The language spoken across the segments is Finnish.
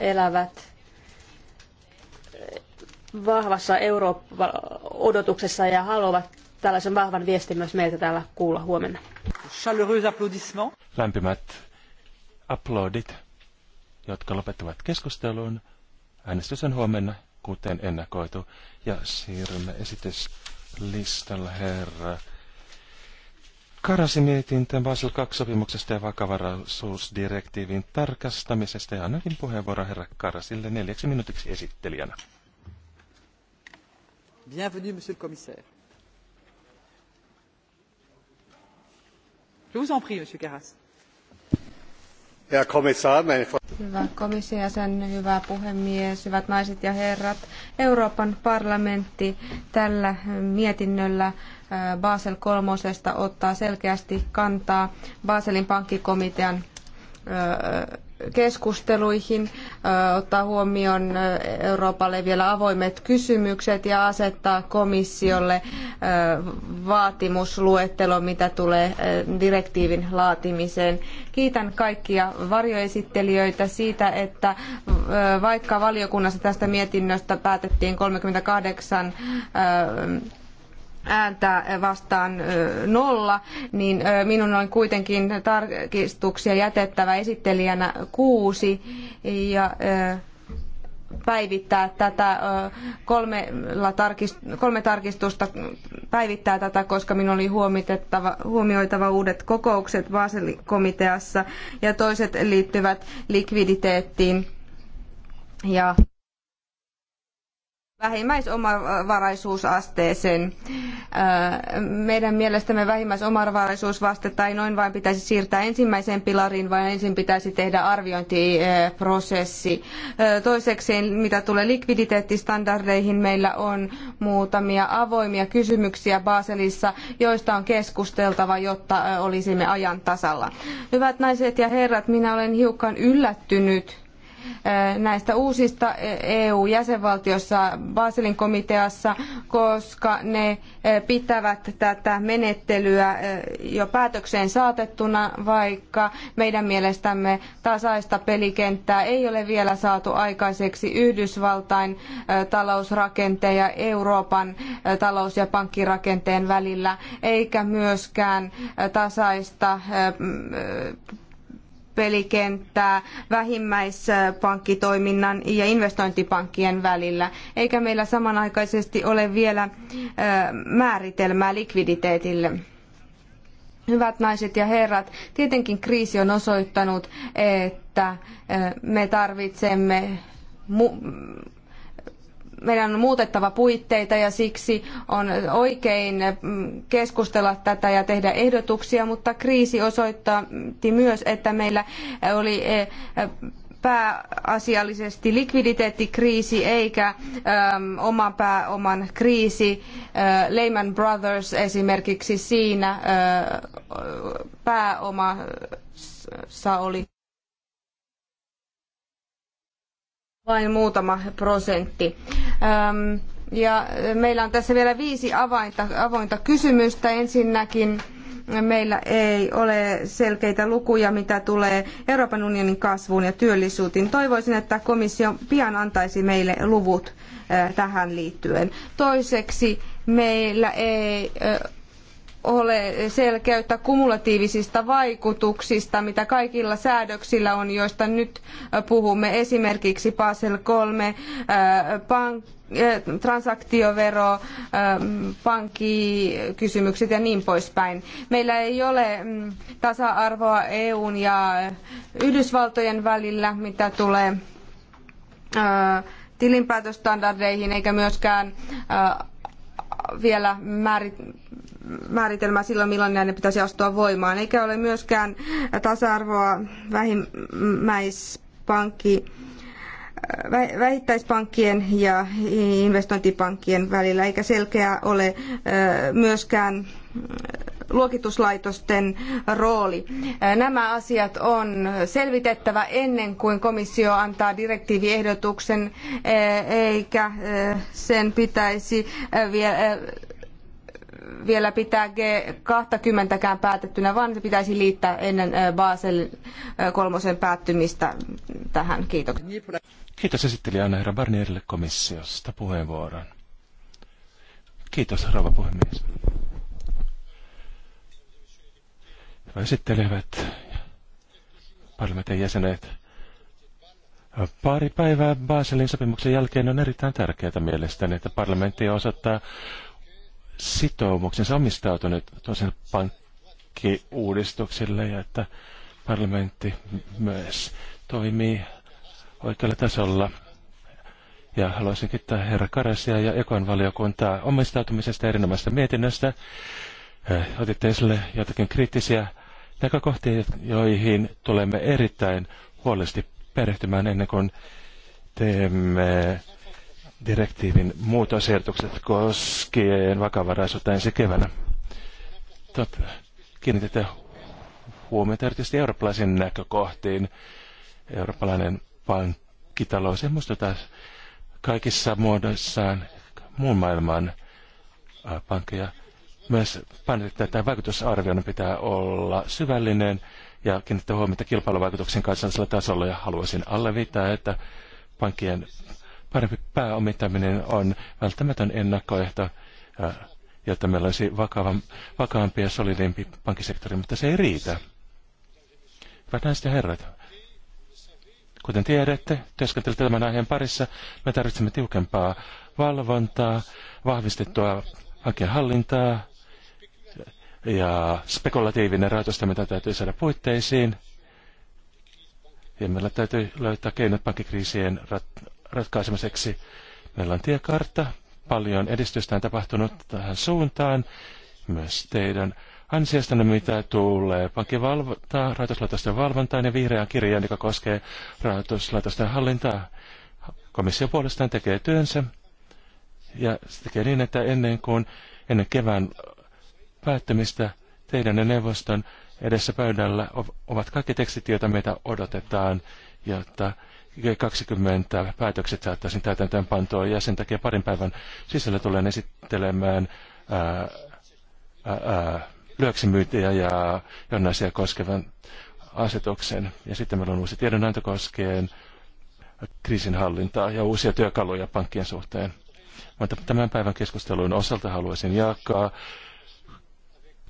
elävät vahvassa Eurooppa-odotuksessa ja haluavat tällaisen vahvan viestin myös meiltä täällä kuulla huomenna. Lämpimät aplodit, jotka lopettavat keskustelun. Äänestys on huomenna, kuten ennakoitu. Ja siirrymme esityslistalla herra Karasimietintö Basel 2-sopimuksesta ja vakavaraisuusdirektiivin tarkastamisesta ja annakin puheenvuoro herra Karasille neljäksi minuutiksi esittelijänä. Bienvenue, monsieur le commissaire. Je vous en prie, monsieur Karas. Herr Kommissar, meine Hyvä hyvä puhemies, hyvät naiset ja herrat. Euroopan parlamentti tällä mietinnöllä Basel iiista ottaa selkeästi kantaa Baselin pankkikomitean keskusteluihin, ottaa huomioon Euroopalle vielä avoimet kysymykset ja asettaa komissiolle vaatimusluettelo, mitä tulee direktiivin laatimiseen. Kiitän kaikkia varjoesittelijöitä siitä, että vaikka valiokunnassa tästä mietinnöstä päätettiin 38 ääntä vastaan nolla, niin minun on kuitenkin tarkistuksia jätettävä esittelijänä kuusi ja päivittää tätä kolmella tarkist, kolme tarkistusta päivittää tätä, koska minun oli huomioitava uudet kokoukset Basel-komiteassa ja toiset liittyvät likviditeettiin ja vähimmäisomavaraisuusasteeseen. Äh, meidän mielestämme vähimmäisomavaraisuusvastetta ei noin vain pitäisi siirtää ensimmäiseen pilariin, vaan ensin pitäisi tehdä arviointiprosessi. Äh, Toiseksi, mitä tulee likviditeettistandardeihin, meillä on muutamia avoimia kysymyksiä Baselissa, joista on keskusteltava, jotta äh, olisimme ajan tasalla. Hyvät naiset ja herrat, minä olen hiukan yllättynyt Äh, näistä uusista EU-jäsenvaltiossa e Baselin komiteassa, koska ne äh, pitävät tätä menettelyä äh, jo päätökseen saatettuna, vaikka meidän mielestämme tasaista pelikenttää ei ole vielä saatu aikaiseksi Yhdysvaltain talousrakenteen ja Euroopan talous- ja pankkirakenteen välillä, eikä myöskään tasaista pelikenttää vähimmäispankkitoiminnan ja investointipankkien välillä, eikä meillä samanaikaisesti ole vielä määritelmää likviditeetille. Hyvät naiset ja herrat, tietenkin kriisi on osoittanut, että me tarvitsemme meidän on muutettava puitteita ja siksi on oikein mm, keskustella tätä ja tehdä ehdotuksia, mutta kriisi osoittaa myös, että meillä oli eh, pääasiallisesti likviditeettikriisi eikä ehm, oman oma pääoman kriisi. Eh, Lehman Brothers esimerkiksi siinä eh, pääoma pääomassa oli vain muutama prosentti. Ähm, ja meillä on tässä vielä viisi avainta, avointa kysymystä. Ensinnäkin meillä ei ole selkeitä lukuja, mitä tulee Euroopan unionin kasvuun ja työllisyyteen. Toivoisin, että komissio pian antaisi meille luvut äh, tähän liittyen. Toiseksi meillä ei äh, ole selkeyttä kumulatiivisista vaikutuksista, mitä kaikilla säädöksillä on, joista nyt puhumme. Esimerkiksi Basel 3, äh, pank- äh, transaktiovero, äh, pankkikysymykset ja niin poispäin. Meillä ei ole mm, tasa-arvoa EUn ja Yhdysvaltojen välillä, mitä tulee tilinpäätöstandardeihin eikä myöskään vielä määritelmää silloin, milloin näiden pitäisi astua voimaan. Eikä ole myöskään tasa-arvoa vähimmäispankki vähittäispankkien ja investointipankkien välillä, eikä selkeää ole myöskään luokituslaitosten rooli. Nämä asiat on selvitettävä ennen kuin komissio antaa direktiiviehdotuksen, eikä eh, sen pitäisi eh, eh, vielä pitää G20kään päätettynä, vaan se pitäisi liittää ennen Basel kolmosen päättymistä tähän. Kiitoksia. Kiitos esittelijä herra Barnierille komissiosta puheenvuoron. Kiitos, rouva puhemies. esittelevät parlamentin jäsenet. Pari päivää Baselin sopimuksen jälkeen on erittäin tärkeää mielestäni, että parlamentti osoittaa sitoumuksensa omistautunut tosin pankkiuudistuksille ja että parlamentti myös toimii oikealla tasolla. Ja haluaisin kiittää herra Karasia ja Ekon valiokuntaa omistautumisesta erinomaisesta mietinnöstä. Otitte esille jotakin kriittisiä näkökohtia, joihin tulemme erittäin huolesti perehtymään ennen kuin teemme direktiivin muutosehdotukset koskien vakavaraisuutta ensi keväänä. kiinnitetään huomiota erityisesti eurooppalaisiin näkökohtiin. Eurooppalainen pankkitalous muistutaan kaikissa muodoissaan muun maailman pankkeja myös painotitte, että vaikutusarvioinnin pitää olla syvällinen ja kiinnittää huomiota kilpailuvaikutuksen kansallisella tasolla. Ja haluaisin alleviittaa, että pankkien parempi pääomittaminen on välttämätön ennakkoehto, jotta meillä olisi vakavan, vakaampi ja solidimpi pankkisektori, mutta se ei riitä. Hyvät naiset ja herrat, kuten tiedätte, työskentelette tämän aiheen parissa, me tarvitsemme tiukempaa valvontaa, vahvistettua pankkien hallintaa, ja spekulatiivinen mitä täytyy saada puitteisiin. Ja meillä täytyy löytää keinot pankkikriisien rat- ratkaisemiseksi. Meillä on tiekartta. Paljon edistystä on tapahtunut tähän suuntaan. Myös teidän ansiostanne, mitä tulee pankkivalvontaan, rahoituslaitosten valvontaan ja vihreään kirjaan, joka koskee rahoituslaitosten hallintaa. Komissio puolestaan tekee työnsä ja se tekee niin, että ennen kuin ennen kevään päättämistä teidän ja neuvoston edessä pöydällä ovat kaikki tekstit, joita meitä odotetaan, jotta G20 päätökset saattaisiin täytäntöön pantua ja sen takia parin päivän sisällä tulen esittelemään lyöksimyyntiä ja jonnaisia koskevan asetuksen. Ja sitten meillä on uusi tiedonanto koskien kriisinhallintaa ja uusia työkaluja pankkien suhteen. Mutta tämän päivän keskustelun osalta haluaisin jakaa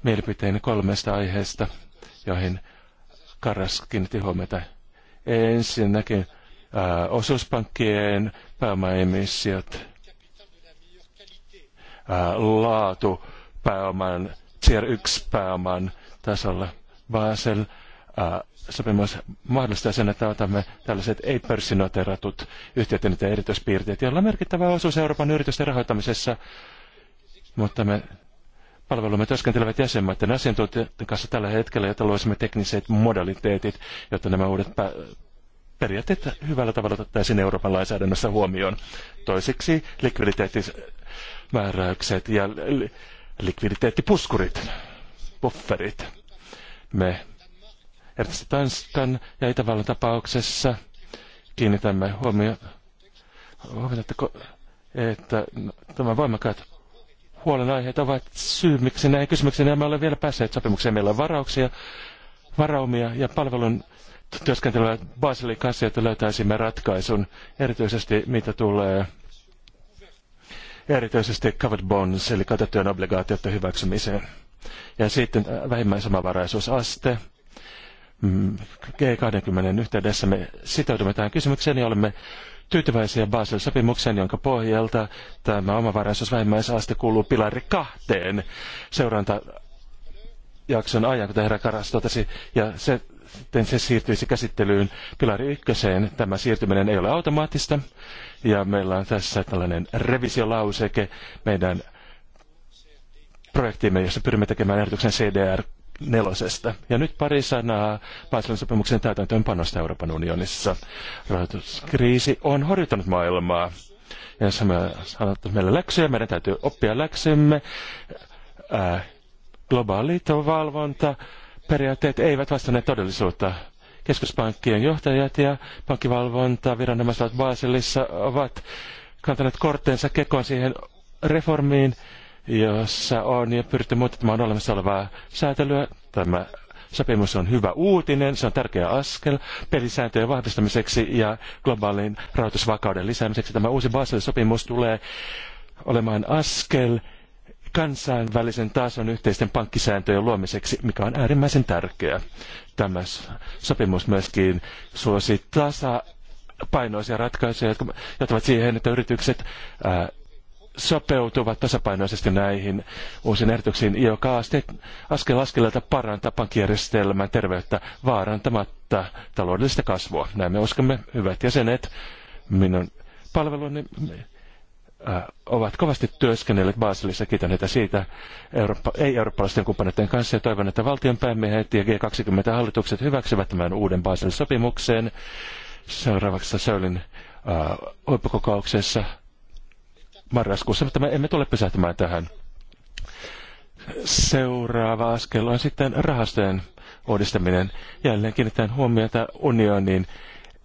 mielipiteeni kolmesta aiheesta, joihin Karas kiinnitti huomiota. Ensinnäkin äh, osuuspankkien pääomaemissiot, äh, laatu pääoman, tier 1 pääoman tasolla. Basel äh, sopimus mahdollistaa sen, että otamme tällaiset ei-pörssinoteratut yhtiöt ja erityispiirteet, joilla on merkittävä osuus Euroopan yritysten rahoittamisessa, mutta me Palvelumme työskentelevät jäsenmaiden asiantuntijoiden kanssa tällä hetkellä, jotta loisimme tekniset modaliteetit, jotta nämä uudet periaatteet hyvällä tavalla otettaisiin Euroopan lainsäädännössä huomioon. Toiseksi likviditeettimääräykset ja li- likviditeettipuskurit, bufferit. Me erityisesti Tanskan ja Itävallan tapauksessa kiinnitämme huomioon, että, että nämä voimakkaat huolenaiheet ovat syy, miksi näihin kysymyksiin emme ole vielä päässeet sopimukseen. Meillä on varauksia, varaumia ja palvelun työskentelyä Baselin kanssa, että löytäisimme ratkaisun, erityisesti mitä tulee erityisesti covered bonds, eli katettujen obligaatioiden hyväksymiseen. Ja sitten äh, samavaraisuusaste. Mm, G20 yhteydessä me sitoudumme tähän kysymykseen ja olemme tyytyväisiä basel sopimukseen, jonka pohjalta tämä omavaraisuus vähimmäisaste kuuluu pilari kahteen seurantajakson ajan, kuten herra Karas totesi, ja se, se siirtyisi käsittelyyn pilari ykköseen. Tämä siirtyminen ei ole automaattista, ja meillä on tässä tällainen revisiolauseke meidän projektiimme, jossa pyrimme tekemään ehdotuksen CDR nelosesta. Ja nyt pari sanaa Baselin sopimuksen täytäntöönpanosta Euroopan unionissa. Rahoituskriisi on horjuttanut maailmaa. Ja jos me sanotaan meille läksyjä, meidän täytyy oppia läksymme. Ää, äh, globaali valvonta, periaatteet eivät vastanneet todellisuutta. Keskuspankkien johtajat ja pankkivalvonta viranomaiset Baselissa ovat kantaneet korttensa kekoon siihen reformiin, jossa on ja pyritty muuttamaan olemassa olevaa säätelyä. Tämä sopimus on hyvä uutinen, se on tärkeä askel pelisääntöjen vahvistamiseksi ja globaalin rahoitusvakauden lisäämiseksi. Tämä uusi Basel-sopimus tulee olemaan askel kansainvälisen tason yhteisten pankkisääntöjen luomiseksi, mikä on äärimmäisen tärkeää. Tämä sopimus myöskin suosi tasapainoisia painoisia ratkaisuja, jotka johtavat siihen, että yritykset ää, sopeutuvat tasapainoisesti näihin uusiin ehdotuksiin, joka askel askeleelta parantaa pankkijärjestelmän terveyttä vaarantamatta taloudellista kasvua. Näin me uskomme, hyvät jäsenet, minun palveluni äh, ovat kovasti työskennelleet Baselissa. Kiitän heitä siitä Eurooppa, ei-eurooppalaisten kumppaneiden kanssa ja toivon, että valtionpäämiehet ja G20-hallitukset hyväksyvät tämän uuden Baselin sopimuksen seuraavaksi Söylin äh, huippukokouksessa. Uh, marraskuussa, mutta me emme tule pysähtymään tähän. Seuraava askel on sitten rahastojen uudistaminen. Jälleen kiinnitetään huomiota unionin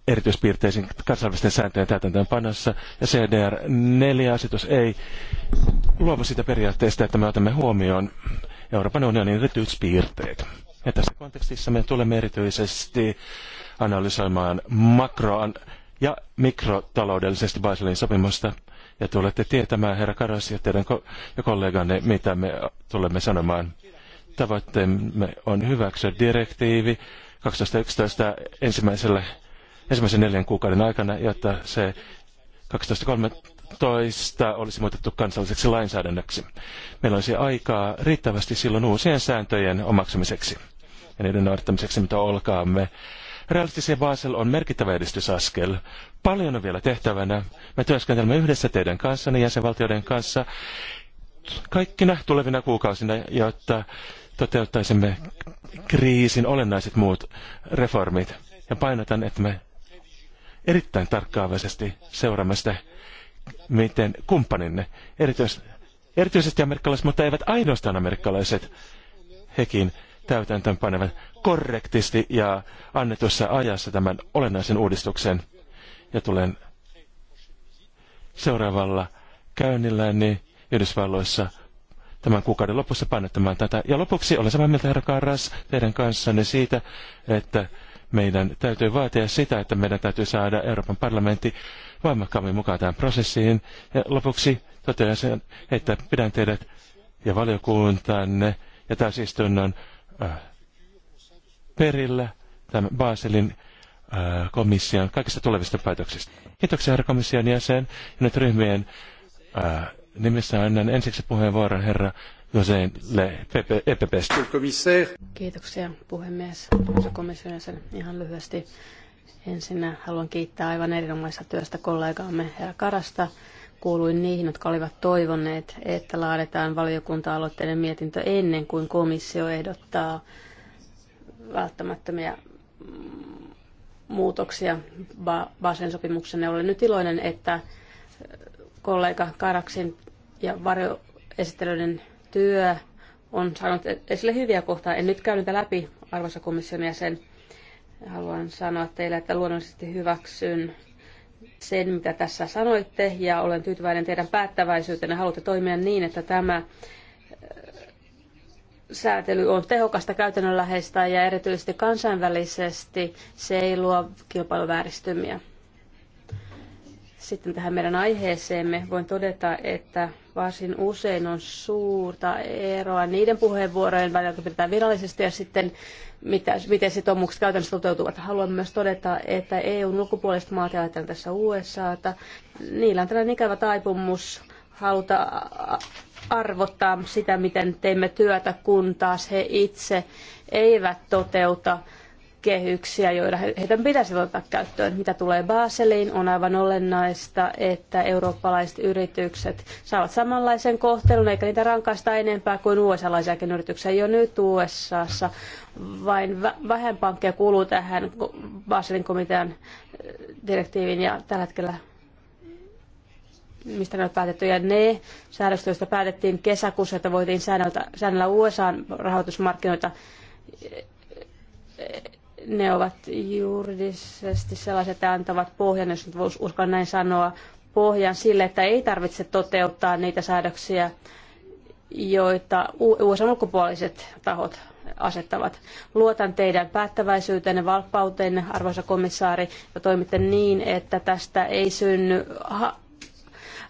erityispiirteisiin kansainvälisten sääntöjen täytäntöönpanossa, ja CDR4-asetus ei luovu sitä periaatteesta, että me otamme huomioon Euroopan unionin erityispiirteet. Ja tässä kontekstissa me tulemme erityisesti analysoimaan makro- ja mikrotaloudellisesti Baselin sopimusta ja tulette tietämään, herra Karas ja teidän ko- ja kolleganne, mitä me tulemme sanomaan. Tavoitteemme on hyväksyä direktiivi 2011 ensimmäisellä, ensimmäisen neljän kuukauden aikana, jotta se 2013 olisi muutettu kansalliseksi lainsäädännöksi. Meillä olisi aikaa riittävästi silloin uusien sääntöjen omaksumiseksi ja niiden noudattamiseksi, mitä olkaamme realistisia Basel on merkittävä edistysaskel. Paljon on vielä tehtävänä. Me työskentelemme yhdessä teidän kanssanne, jäsenvaltioiden kanssa, kaikkina tulevina kuukausina, jotta toteuttaisimme kriisin olennaiset muut reformit. Ja painotan, että me erittäin tarkkaavaisesti seuraamme sitä, miten kumppaninne, erityisesti, erityisesti amerikkalaiset, mutta eivät ainoastaan amerikkalaiset, hekin täytäntöön korrektisti ja annetussa ajassa tämän olennaisen uudistuksen. Ja tulen seuraavalla käynnilläni Yhdysvalloissa tämän kuukauden lopussa panettamaan tätä. Ja lopuksi olen samaa mieltä, herra Karras, teidän kanssanne siitä, että meidän täytyy vaatia sitä, että meidän täytyy saada Euroopan parlamentti voimakkaammin mukaan tähän prosessiin. Ja lopuksi totean sen, että pidän teidät ja valiokuntanne ja täysistunnon perillä tämän Baselin äh, komission kaikista tulevista päätöksistä. Kiitoksia herra komission jäsen. Ja nyt ryhmien ää, äh, nimissä annan ensiksi puheenvuoron herra Joseille EPPstä. Kiitoksia puhemies. Komission jäsen ihan lyhyesti. Ensinnä haluan kiittää aivan erinomaisesta työstä kollegaamme herra Karasta kuuluin niihin, jotka olivat toivoneet, että laaditaan valiokunta-aloitteiden mietintö ennen kuin komissio ehdottaa välttämättömiä muutoksia Basen sopimuksen. Olen nyt iloinen, että kollega Karaksin ja varjoesittelyiden työ on saanut esille hyviä kohtaa. En nyt käy niitä läpi, arvoisa komission jäsen. Haluan sanoa teille, että luonnollisesti hyväksyn sen, mitä tässä sanoitte, ja olen tyytyväinen teidän päättäväisyytenne. Haluatte toimia niin, että tämä äh, säätely on tehokasta käytännönläheistä ja erityisesti kansainvälisesti se ei luo kilpailuvääristymiä. Sitten tähän meidän aiheeseemme voin todeta, että varsin usein on suurta eroa niiden puheenvuorojen välillä, jotka pidetään virallisesti ja sitten mitä, miten sitoumukset käytännössä toteutuvat. Haluan myös todeta, että EUn ulkopuoliset maat, ajatellaan tässä USAta, niillä on tällainen ikävä taipumus haluta arvottaa sitä, miten teemme työtä, kun taas he itse eivät toteuta kehyksiä, joita heitä pitäisi ottaa käyttöön. Mitä tulee Baseliin, on aivan olennaista, että eurooppalaiset yritykset saavat samanlaisen kohtelun, eikä niitä rankaista enempää kuin USA-laisiakin yrityksiä. Jo nyt USAssa vain vähän pankkeja kuuluu tähän Baselin komitean eh, direktiivin ja tällä hetkellä mistä ne on päätetty, ja ne säädökset, joista päätettiin kesäkuussa, että voitiin säännellä USA rahoitusmarkkinoita eh, eh, ne ovat juridisesti sellaiset, että antavat pohjan, jos nyt voisi uskon näin sanoa, pohjan sille, että ei tarvitse toteuttaa niitä säädöksiä, joita USA ulkopuoliset tahot asettavat. Luotan teidän päättäväisyyteenne, valppauteenne, arvoisa komissaari, ja toimitte niin, että tästä ei synny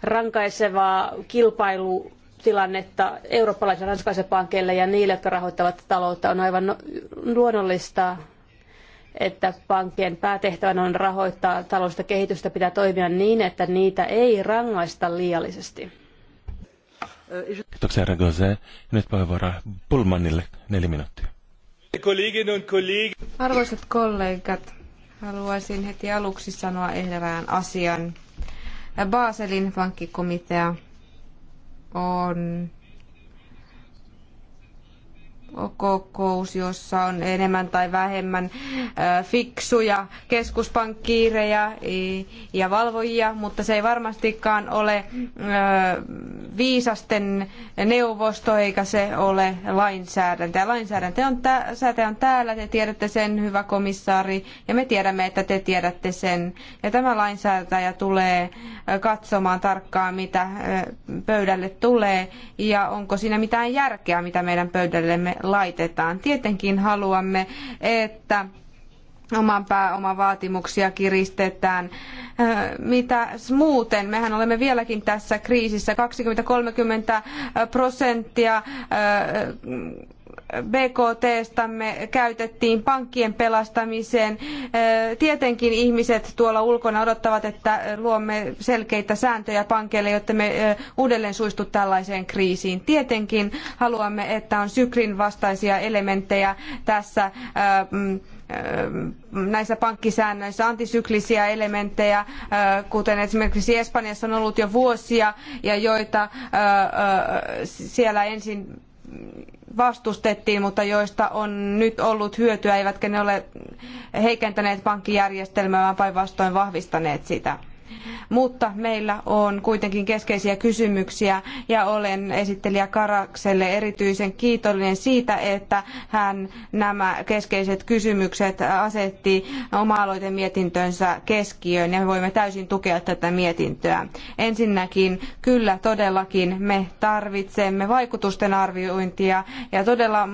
rankaisevaa kilpailu tilannetta eurooppalaisille ranskalaisille pankeille ja niille, jotka rahoittavat taloutta, on aivan no- luonnollista, että pankkien päätehtävänä on rahoittaa taloudellista kehitystä, pitää toimia niin, että niitä ei rangaista liiallisesti. Kiitoksia, Ragose. Nyt puheenvuoro Pullmanille neljä minuuttia. Arvoisat kollegat, haluaisin heti aluksi sanoa erään asian. Baselin pankkikomitea on kokous, jossa on enemmän tai vähemmän fiksuja keskuspankkiireja ja valvojia, mutta se ei varmastikaan ole viisasten neuvosto eikä se ole lainsäädäntöä. Lainsäädäntö on, tä- on täällä, te tiedätte sen, hyvä komissaari, ja me tiedämme, että te tiedätte sen. Ja tämä lainsäätäjä tulee katsomaan tarkkaan, mitä pöydälle tulee ja onko siinä mitään järkeä, mitä meidän pöydällemme laitetaan. Tietenkin haluamme, että oman pääoman vaatimuksia kiristetään. Mitä muuten? Mehän olemme vieläkin tässä kriisissä. 20-30 prosenttia BKTstämme käytettiin pankkien pelastamiseen. Tietenkin ihmiset tuolla ulkona odottavat, että luomme selkeitä sääntöjä pankeille, jotta me uudelleen suistu tällaiseen kriisiin. Tietenkin haluamme, että on syklin vastaisia elementtejä tässä mm, mm, näissä pankkisäännöissä antisyklisiä elementtejä, kuten esimerkiksi Espanjassa on ollut jo vuosia, ja joita siellä ensin vastustettiin, mutta joista on nyt ollut hyötyä, eivätkä ne ole heikentäneet pankkijärjestelmää, vaan päinvastoin vahvistaneet sitä. Mutta meillä on kuitenkin keskeisiä kysymyksiä ja olen esittelijä Karakselle erityisen kiitollinen siitä, että hän nämä keskeiset kysymykset asetti oma-aloitemietintönsä keskiöön ja me voimme täysin tukea tätä mietintöä. Ensinnäkin kyllä todellakin me tarvitsemme vaikutusten arviointia ja todella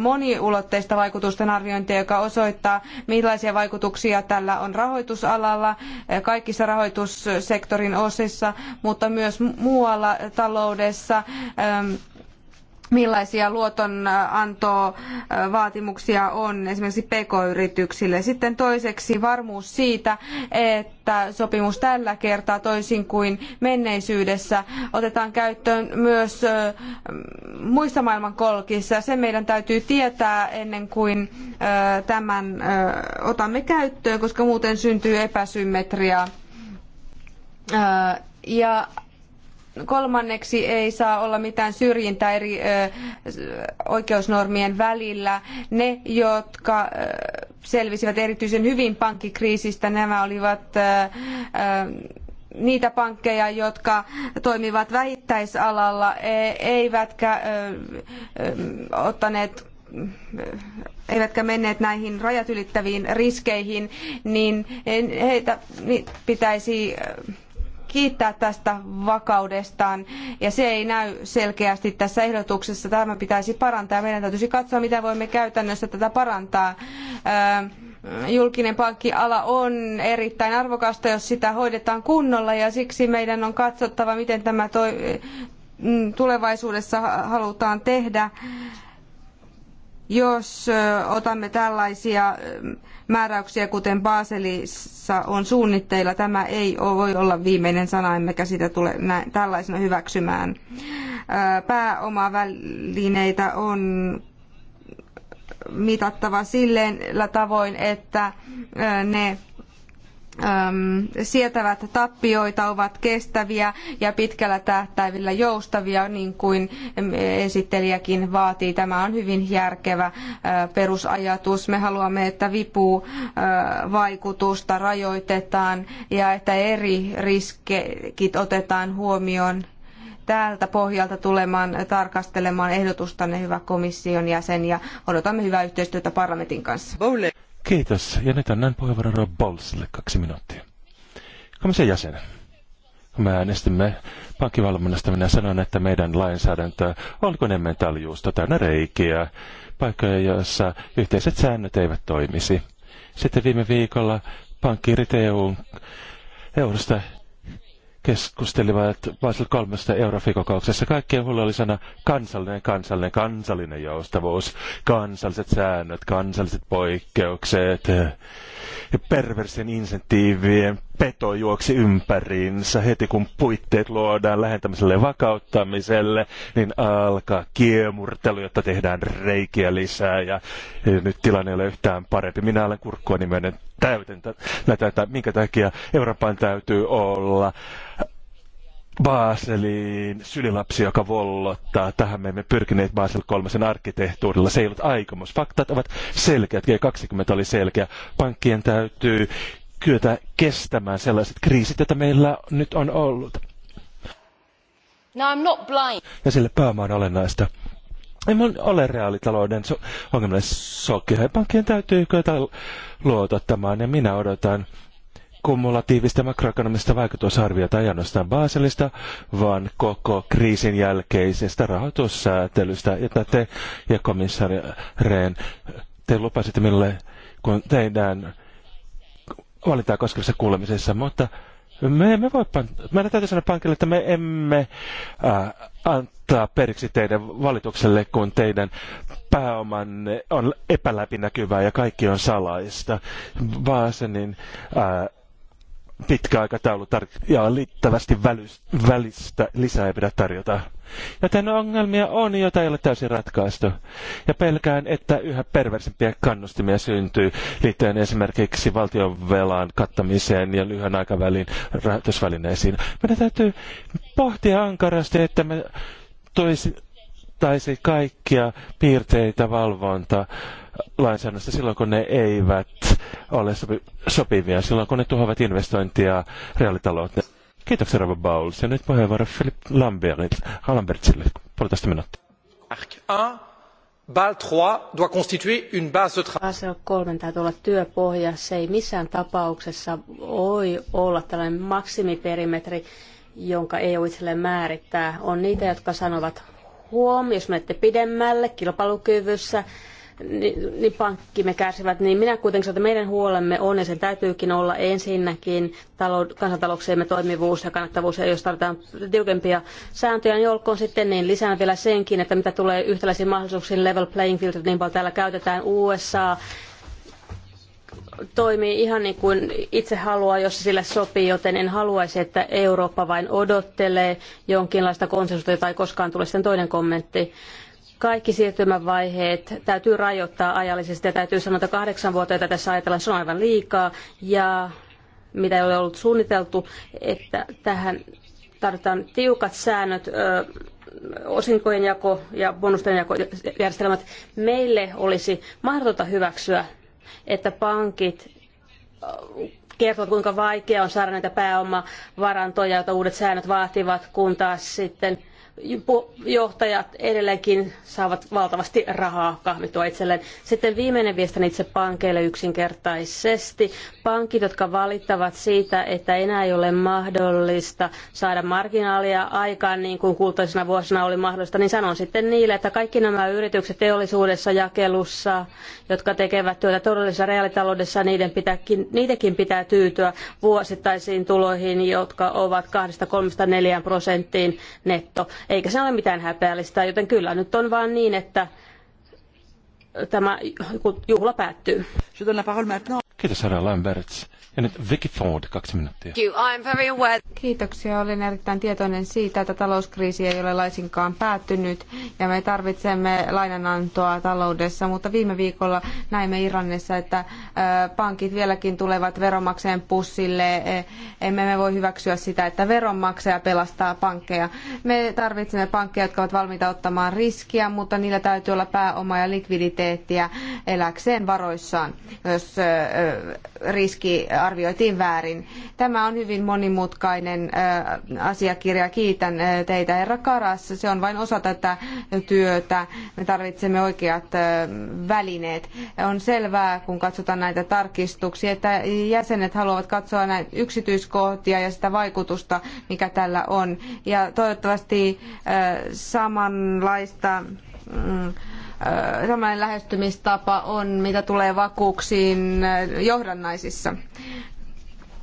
moniulotteista vaikutusten arviointia, joka osoittaa, millaisia vaikutuksia tällä on rahoitusalalla, kaikissa rahoitus kuljetussektorin osissa, mutta myös muualla taloudessa ähm, millaisia luotonantovaatimuksia on esimerkiksi pk-yrityksille. Sitten toiseksi varmuus siitä, että sopimus tällä kertaa toisin kuin menneisyydessä otetaan käyttöön myös äh, muissa maailmankolkissa. Se meidän täytyy tietää ennen kuin äh, tämän äh, otamme käyttöön, koska muuten syntyy epäsymmetriaa ja kolmanneksi ei saa olla mitään syrjintää eri oikeusnormien välillä. Ne, jotka selvisivät erityisen hyvin pankkikriisistä, nämä olivat niitä pankkeja, jotka toimivat vähittäisalalla, e, eivätkä ottaneet eivätkä menneet näihin rajat ylittäviin riskeihin, niin heitä niin pitäisi kiittää tästä vakaudestaan ja se ei näy selkeästi tässä ehdotuksessa. Tämä pitäisi parantaa. Meidän täytyisi katsoa, mitä voimme käytännössä tätä parantaa. Julkinen pankkiala on erittäin arvokasta, jos sitä hoidetaan kunnolla ja siksi meidän on katsottava, miten tämä tulevaisuudessa halutaan tehdä jos otamme tällaisia määräyksiä, kuten Baselissa on suunnitteilla, tämä ei voi olla viimeinen sana, emmekä sitä tule näin, tällaisena hyväksymään. Pääomavälineitä on mitattava sillä tavoin, että ne Ähm, sietävät tappioita, ovat kestäviä ja pitkällä tähtäivillä joustavia, niin kuin esittelijäkin vaatii. Tämä on hyvin järkevä äh, perusajatus. Me haluamme, että vipuvaikutusta äh, rajoitetaan ja että eri riskit otetaan huomioon tältä pohjalta tulemaan tarkastelemaan ehdotustanne hyvä komission jäsen ja odotamme hyvää yhteistyötä parlamentin kanssa. Kiitos. Ja nyt annan puheenvuoron Bolsille kaksi minuuttia. Komission jäsen. Kun me äänestimme pankkivalvonnasta, minä sanon, että meidän lainsäädäntö olkoon emmentaalijuusto täynnä reikiä, paikkoja, joissa yhteiset säännöt eivät toimisi. Sitten viime viikolla pankkiirit eu eurosta keskustelivat Basel kolmesta eurofikokouksessa. Kaikkien huolellisena kansallinen, kansallinen, kansallinen joustavuus, kansalliset säännöt, kansalliset poikkeukset, perversien insentiivien peto juoksi ympäriinsä. Heti kun puitteet luodaan lähentämiselle vakauttamiselle, niin alkaa kiemurtelu, jotta tehdään reikiä lisää ja e, nyt tilanne ei ole yhtään parempi. Minä olen kurkkua nimenen täytäntä näitä, että minkä takia Euroopan täytyy olla Baselin sylilapsi, joka vollottaa. Tähän me emme pyrkineet Basel kolmasen arkkitehtuurilla. Se ei ollut aikomus. Faktat ovat selkeät. G20 oli selkeä. Pankkien täytyy kyetä kestämään sellaiset kriisit, joita meillä nyt on ollut. No, I'm not blind. Ja sille pääoma on olennaista. Emme ole reaalitalouden so- ongelmalle sokea. Pankkien täytyy kyetä luotottamaan ja minä odotan kumulatiivista makroekonomista vaikutusarviota ei ainoastaan Baselista, vaan koko kriisin jälkeisestä rahoitussäätelystä, jota te ja komissaari Rehn, te lupasitte minulle, kun teidän valintaa koskevissa kuulemisissa, mutta me emme voi pan- meidän täytyy sanoa pankille, että me emme äh, antaa periksi teidän valitukselle, kun teidän pääoman on epäläpinäkyvää ja kaikki on salaista. Vaasenin äh, pitkä aikataulu ja liittävästi välistä lisää ei pidä tarjota. Joten ongelmia on, joita ei ole täysin ratkaistu. Ja pelkään, että yhä perversimpiä kannustimia syntyy liittyen esimerkiksi valtionvelan kattamiseen ja lyhyen aikavälin rahoitusvälineisiin. Meidän täytyy pohtia ankarasti, että me toisi, kattaisi kaikkia piirteitä valvonta lainsäädännöstä silloin, kun ne eivät ole sopivia, silloin kun ne tuhoavat investointia reaalitalouteen. Kiitoksia Rava Bowles. Ja nyt puheenvuoro Philip Lambert, Puolitoista minuuttia. BAL 3 doit constituer une base de travail. Basel 3 täytyy olla työpohja. Se ei missään tapauksessa voi olla tällainen maksimiperimetri, jonka EU itselleen määrittää. On niitä, jotka sanovat huom, jos menette pidemmälle kilpailukyvyssä, niin, niin pankkimme kärsivät, niin minä kuitenkin sanon, että meidän huolemme on, ja sen täytyykin olla ensinnäkin talou- kansantalouksiemme toimivuus ja kannattavuus, ja jos tarvitaan tiukempia sääntöjä, niin olkoon sitten, niin lisään vielä senkin, että mitä tulee yhtäläisiin mahdollisuuksiin level playing field, niin paljon täällä käytetään USA, toimii ihan niin kuin itse haluaa, jos sille sopii, joten en haluaisi, että Eurooppa vain odottelee jonkinlaista konsensusta, jota ei koskaan tule. Sitten toinen kommentti. Kaikki siirtymävaiheet täytyy rajoittaa ajallisesti ja täytyy sanoa, että kahdeksan vuotta, jota tässä ajatellaan, se on aivan liikaa ja mitä ei ole ollut suunniteltu, että tähän tarvitaan tiukat säännöt osinkojen jako ja bonusten jakojärjestelmät meille olisi mahdotonta hyväksyä että pankit äh, kertovat, kuinka vaikea on saada näitä pääomavarantoja, joita uudet säännöt vaativat, kun taas sitten johtajat edelleenkin saavat valtavasti rahaa kahvitua itselleen. Sitten viimeinen viestin itse pankeille yksinkertaisesti. Pankit, jotka valittavat siitä, että enää ei ole mahdollista saada marginaalia aikaan niin kuin kultaisena vuosina oli mahdollista, niin sanon sitten niille, että kaikki nämä yritykset teollisuudessa, jakelussa, jotka tekevät työtä todellisessa reaalitaloudessa, niiden pitää, niitäkin pitää tyytyä vuosittaisiin tuloihin, jotka ovat 2-3-4 prosenttiin netto eikä se ole mitään häpeällistä, joten kyllä nyt on vaan niin, että tämä juhla päättyy. Kiitos, herra Lamberts. Ja nyt Vicky Ford, kaksi minuuttia. Kiitoksia. Olen erittäin tietoinen siitä, että talouskriisi ei ole laisinkaan päättynyt ja me tarvitsemme lainanantoa taloudessa, mutta viime viikolla näimme Iranissa, että pankit vieläkin tulevat veronmaksajan pussille. E, emme me voi hyväksyä sitä, että veronmaksaja pelastaa pankkeja. Me tarvitsemme pankkeja, jotka ovat valmiita ottamaan riskiä, mutta niillä täytyy olla pääoma ja likviditeettiä eläkseen varoissaan, jos riski arvioitiin väärin. Tämä on hyvin monimutkainen asiakirja. Kiitän teitä, herra Karas. Se on vain osa tätä työtä. Me tarvitsemme oikeat välineet. On selvää, kun katsotaan näitä tarkistuksia, että jäsenet haluavat katsoa näitä yksityiskohtia ja sitä vaikutusta, mikä tällä on. Ja toivottavasti samanlaista mm, samanlainen lähestymistapa on, mitä tulee vakuuksiin äh, johdannaisissa.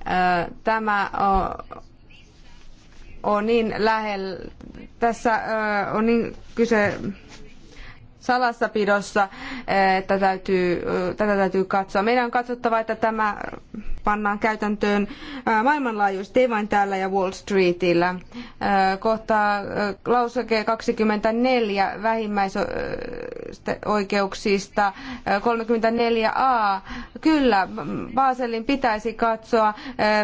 Äh, tämä äh, on niin lähellä, tässä on niin kyse salassapidossa, eh, että täytyy, eh, tätä täytyy katsoa. Meidän on katsottava, että tämä pannaan käytäntöön eh, maailmanlaajuisesti, ei vain täällä ja Wall Streetillä. Kohta lauseke 24 vähimmäisoikeuksista 34a. Kyllä, Baselin pitäisi katsoa,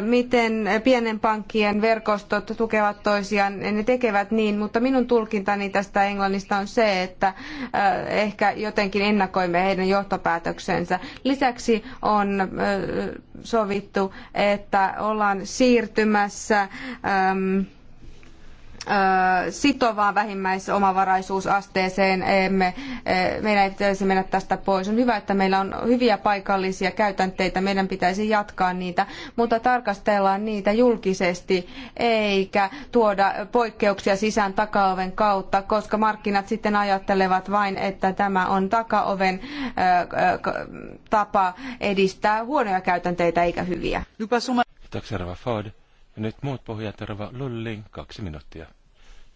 miten pienen pankkien verkostot tukevat toisiaan. Ne tekevät niin, mutta minun tulkintani tästä englannista on se, että ehkä jotenkin ennakoimme heidän johtopäätöksensä. Lisäksi on sovittu, että ollaan siirtymässä ähm, sitovaan vähimmäisomavaraisuusasteeseen. Emme, meidän ei pitäisi mennä tästä pois. On hyvä, että meillä on hyviä paikallisia käytänteitä. Meidän pitäisi jatkaa niitä, mutta tarkastellaan niitä julkisesti eikä tuoda poikkeuksia sisään takaoven kautta, koska markkinat sitten ajattelevat vain, että tämä on takaoven tapa edistää huonoja käytänteitä eikä hyviä. Kiitoksia, Rava Ford. Ja nyt muut puhujat, Rava Lulling, kaksi minuuttia.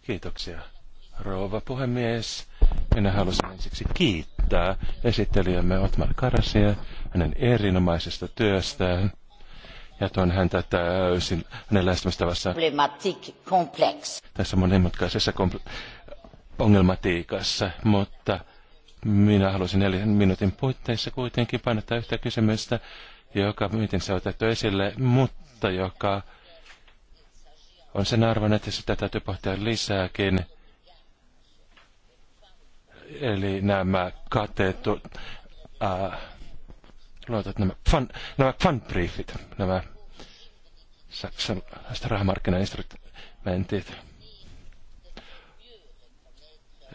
Kiitoksia. Rouva puhemies, minä halusin ensiksi kiittää esittelijämme Otmar Karasia hänen erinomaisesta työstään. Ja tuon häntä täysin hänen lähestymistavassa tässä monimutkaisessa komple- ongelmatiikassa, mutta minä halusin neljän minuutin puitteissa kuitenkin painottaa yhtä kysymystä, joka miten se on otettu esille, mutta joka on sen arvon, että sitä täytyy pohtia lisääkin. Eli nämä kateettu, äh, luotat nämä, fan, nämä fanbriefit, nämä saksalaiset rahamarkkinainstrumentit.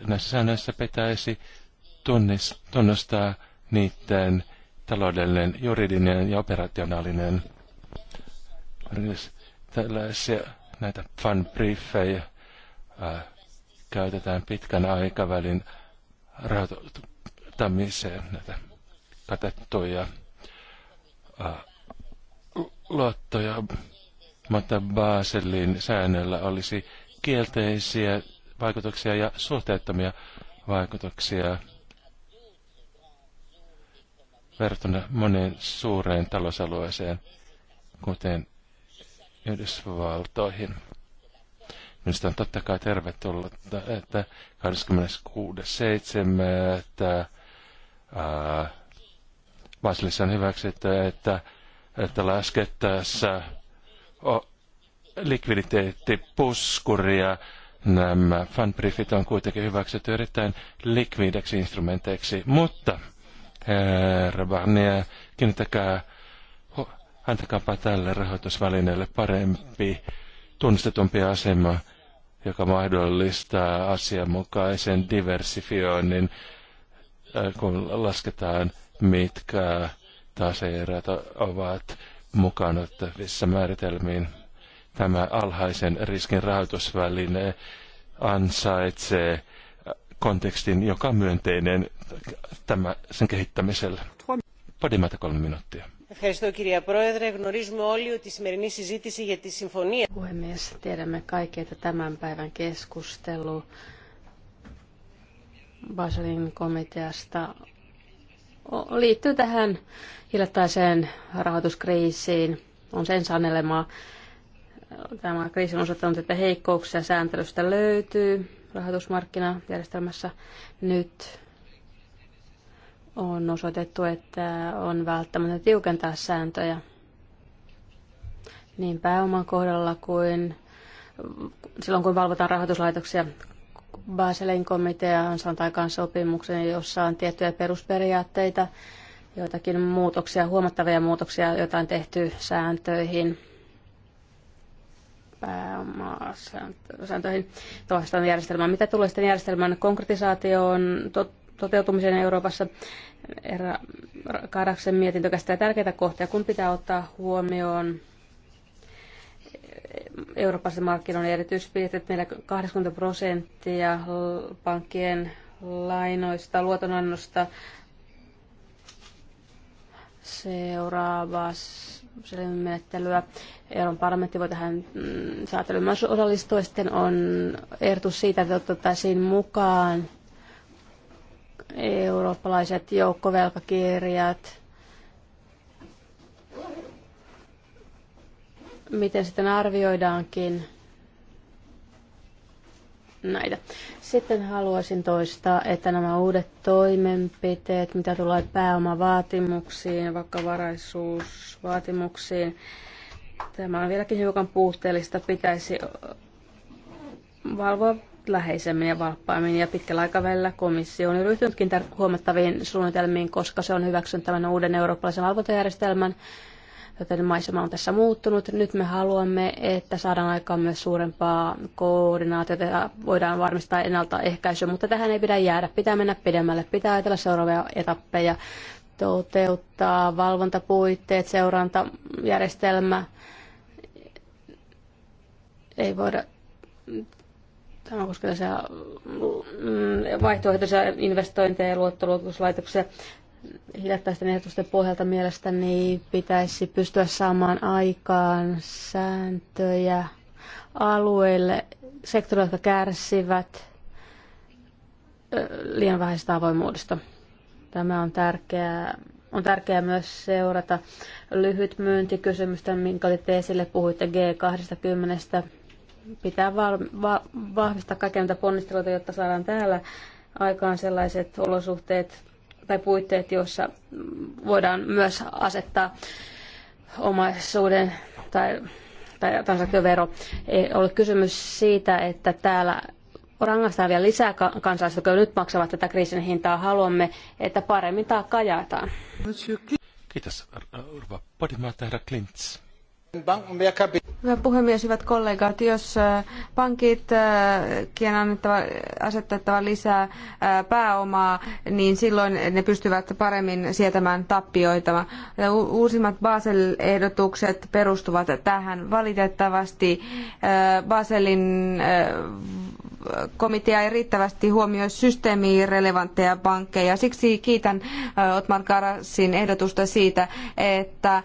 Näissä säännöissä pitäisi tunnis, tunnustaa niiden taloudellinen, juridinen ja operationaalinen. Tällaisia näitä funbriefejä käytetään pitkän aikavälin rahoittamiseen näitä katettuja luottoja, mutta Baselin säännöllä olisi kielteisiä vaikutuksia ja suhteettomia vaikutuksia verrattuna moneen suureen talousalueeseen, kuten Yhdysvaltoihin. Minusta on totta kai tervetullut, että 26.7. Vasilissa on hyväksytty, että, että laskettaessa likviditeettipuskuria nämä fanbriefit on kuitenkin hyväksytty erittäin likvideksi instrumenteiksi, mutta herra Barnier, kiinnittäkää antakaapa tälle rahoitusvälineelle parempi, tunnistetumpi asema, joka mahdollistaa asianmukaisen diversifioinnin, äh, kun lasketaan, mitkä taseerät ovat mukana tässä määritelmiin. Tämä alhaisen riskin rahoitusväline ansaitsee äh, kontekstin, joka on myönteinen tämä, sen kehittämiselle. Podimata kolme minuuttia. Kiitoksia, puhemies. Γνωρίζουμε όλοι ότι η σημερινή συζήτηση για τη συμφωνία... Puhemies, tiedämme kaikki, että tämän päivän keskustelu Baselin komiteasta liittyy tähän hiljattaiseen rahoituskriisiin. On sen sanelema. Tämä kriisi on osoittanut, että heikkouksia sääntelystä löytyy rahoitusmarkkinajärjestelmässä nyt on osoitettu, että on välttämättä tiukentaa sääntöjä niin pääoman kohdalla kuin silloin, kun valvotaan rahoituslaitoksia. Baselin komitea on saanut aikaan sopimuksen, jossa on tiettyjä perusperiaatteita, joitakin muutoksia, huomattavia muutoksia, joita on tehty sääntöihin, Sääntöihin tuollaista järjestelmään. Mitä tulee sitten järjestelmän konkretisaatioon, tot, toteutumiseen Euroopassa. Erä Karaksen mietintö käsittää tärkeitä kohtia, kun pitää ottaa huomioon Euroopassa markkinoiden erityispiirteet. Meillä 80 prosenttia pankkien lainoista, luotonannosta seuraavaa menettelyä. Euroopan parlamentti voi tähän mm, säätelyyn osallistua. Sitten on ehdotus siitä, että otettaisiin mukaan eurooppalaiset joukkovelkakirjat. Miten sitten arvioidaankin näitä. Sitten haluaisin toistaa, että nämä uudet toimenpiteet, mitä tulee pääomavaatimuksiin, vakavaraisuusvaatimuksiin, tämä on vieläkin hiukan puutteellista. Pitäisi valvoa läheisemmin ja valppaimmin ja pitkällä aikavälillä komissio on ryhtynytkin huomattaviin suunnitelmiin, koska se on hyväksynyt tämän uuden eurooppalaisen valvontajärjestelmän, joten maisema on tässä muuttunut. Nyt me haluamme, että saadaan aikaan myös suurempaa koordinaatiota ja voidaan varmistaa ennaltaehkäisyä, mutta tähän ei pidä jäädä. Pitää mennä pidemmälle, pitää ajatella seuraavia etappeja, toteuttaa valvontapuitteet, seurantajärjestelmä. Ei voida Tämä koska tässä mm, vaihtoehtoisia investointeja ja luottoluokituslaitoksia. Hiljattaisten ehdotusten pohjalta mielestäni pitäisi pystyä saamaan aikaan sääntöjä alueille, sektoreille, jotka kärsivät liian vähäisestä avoimuudesta. Tämä on tärkeää on tärkeää myös seurata lyhyt myyntikysymystä, minkä olitte esille. Puhuitte G20 pitää va- vahvistaa kaiken näitä ponnisteluita, jotta saadaan täällä aikaan sellaiset olosuhteet tai puitteet, joissa voidaan myös asettaa omaisuuden tai, tai transaktiovero. Ei ole kysymys siitä, että täällä rangaistaan vielä lisää kansalaisia, jotka nyt maksavat tätä kriisin hintaa. Haluamme, että paremmin taakka jaetaan. Kiitos, Urva Podimaa herra Klintz. Hyvä puhemies, hyvät kollegat, jos äh, pankit äh, on annettava, asetettava lisää äh, pääomaa, niin silloin ne pystyvät paremmin sietämään tappioita. Uusimmat Basel-ehdotukset perustuvat tähän. Valitettavasti Baselin komitea ei riittävästi huomioi systeemiin relevantteja pankkeja. Siksi kiitän Otmar Karasin ehdotusta siitä, että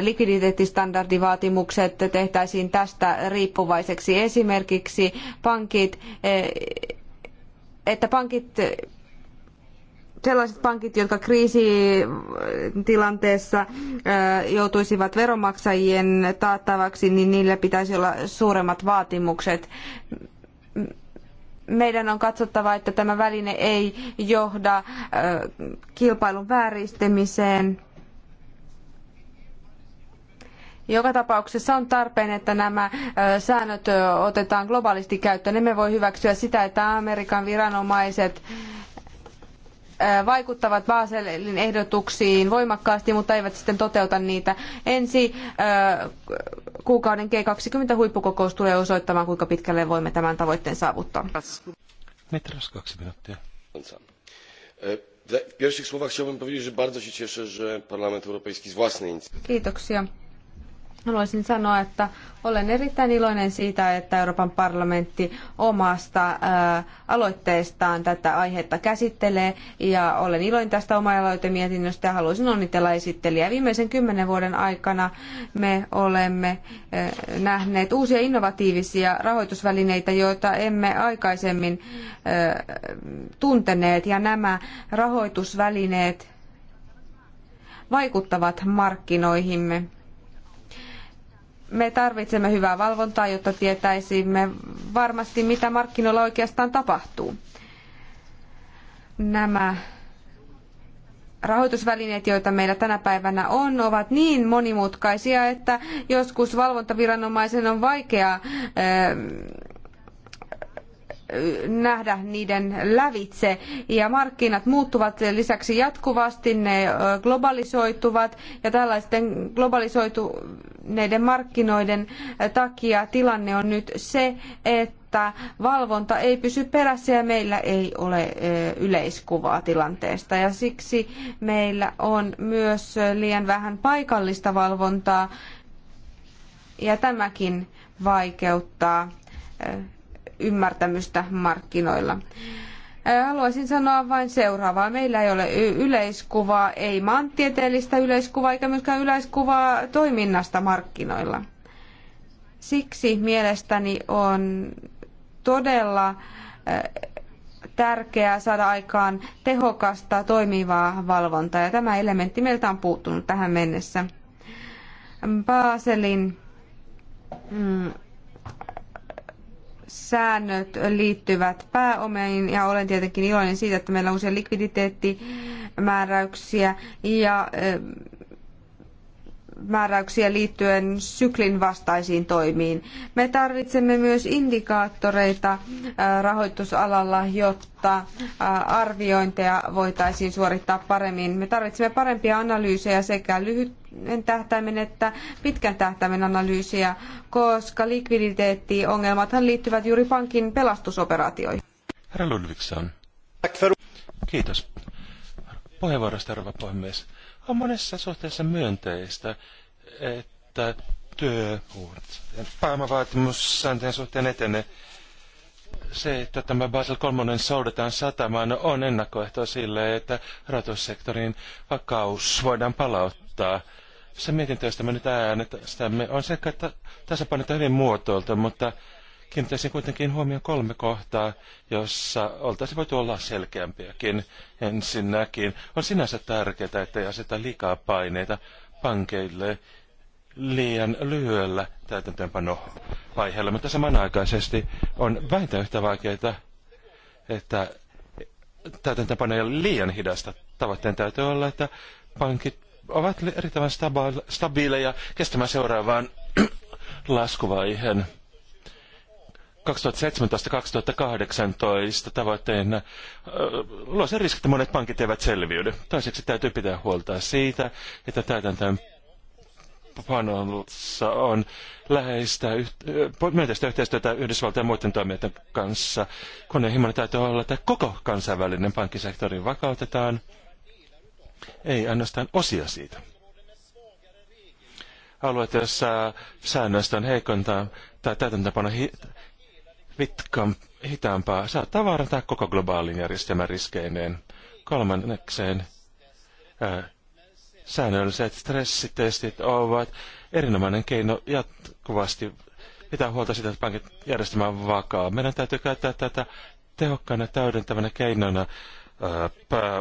likviditeettistandardivaatimukset tehtäisiin tästä riippuvaiseksi. Esimerkiksi pankit, eh, että pankit sellaiset pankit, jotka kriisitilanteessa eh, joutuisivat veronmaksajien taattavaksi, niin niillä pitäisi olla suuremmat vaatimukset. Meidän on katsottava, että tämä väline ei johda eh, kilpailun vääristymiseen joka tapauksessa on tarpeen, että nämä säännöt otetaan globaalisti käyttöön. Emme voi hyväksyä sitä, että Amerikan viranomaiset vaikuttavat Baselin ehdotuksiin voimakkaasti, mutta eivät sitten toteuta niitä. Ensi kuukauden G20-huippukokous tulee osoittamaan, kuinka pitkälle voimme tämän tavoitteen saavuttaa. Metras kaksi minuuttia. Kiitoksia. Haluaisin sanoa, että olen erittäin iloinen siitä, että Euroopan parlamentti omasta aloitteestaan tätä aihetta käsittelee ja olen iloinen tästä oma-aloitemietinnöstä ja haluaisin onnitella esittelijää. Viimeisen kymmenen vuoden aikana me olemme nähneet uusia innovatiivisia rahoitusvälineitä, joita emme aikaisemmin tunteneet ja nämä rahoitusvälineet vaikuttavat markkinoihimme me tarvitsemme hyvää valvontaa, jotta tietäisimme varmasti, mitä markkinoilla oikeastaan tapahtuu. Nämä rahoitusvälineet, joita meillä tänä päivänä on, ovat niin monimutkaisia, että joskus valvontaviranomaisen on vaikea eh, nähdä niiden lävitse. Ja markkinat muuttuvat lisäksi jatkuvasti, ne globalisoituvat ja tällaisten globalisoituneiden markkinoiden takia tilanne on nyt se, että valvonta ei pysy perässä ja meillä ei ole yleiskuvaa tilanteesta. Ja siksi meillä on myös liian vähän paikallista valvontaa ja tämäkin vaikeuttaa ymmärtämystä markkinoilla. Haluaisin sanoa vain seuraavaa. Meillä ei ole yleiskuvaa, ei maantieteellistä yleiskuvaa eikä myöskään yleiskuvaa toiminnasta markkinoilla. Siksi mielestäni on todella tärkeää saada aikaan tehokasta, toimivaa valvontaa, ja tämä elementti meiltä on puuttunut tähän mennessä. Baselin mm, säännöt liittyvät pääomeen ja olen tietenkin iloinen siitä, että meillä on uusia likviditeettimääräyksiä ja eh, määräyksiä liittyen syklin vastaisiin toimiin. Me tarvitsemme myös indikaattoreita äh, rahoitusalalla, jotta äh, arviointeja voitaisiin suorittaa paremmin. Me tarvitsemme parempia analyysejä sekä lyhyen tähtäimen että pitkän tähtäimen analyysejä, koska likviditeettiongelmathan liittyvät juuri pankin pelastusoperaatioihin. Herra Ludvigsson. Kiitos. Puheenvuorosta, rouva puhemies on monessa suhteessa myönteistä, että työ, ja pääomavaatimussääntöjen suhteen etenee. Se, että tämä Basel III soudetaan satamaan, on ennakkoehto sille, että rahoitussektorin vakaus voidaan palauttaa. Se mietintö, josta me nyt äänestämme, on sekä tasapainota hyvin muotoiltu, mutta Kiinnittäisin kuitenkin huomioon kolme kohtaa, jossa oltaisiin voitu olla selkeämpiäkin. Ensinnäkin on sinänsä tärkeää, ei aseta liikaa paineita pankeille liian lyhyellä vaiheella, mutta samanaikaisesti on vähintään yhtä vaikeaa, että täytäntöönpano ei ole liian hidasta. Tavoitteen täytyy olla, että pankit ovat erittäin stabiileja kestämään seuraavaan laskuvaiheen. 2017-2018 tavoitteena luo sen riski, että monet pankit eivät selviydy. Toiseksi täytyy pitää huolta siitä, että täytäntöön panossa on läheistä yht- myönteistä yhteistyötä Yhdysvaltain ja muiden toimijoiden kanssa. Kunnianhimoinen täytyy olla, että koko kansainvälinen pankkisektori vakautetaan, ei ainoastaan osia siitä. Alueet, joissa säännöistä on heikontaa tai täytäntöpano hi- vitka hitaampaa saattaa vaarantaa koko globaalin järjestelmän riskeineen. Kolmannekseen ää, säännölliset stressitestit ovat erinomainen keino jatkuvasti pitää huolta siitä, että pankit järjestelmä on vakaa. Meidän täytyy käyttää tätä tehokkaana täydentävänä keinona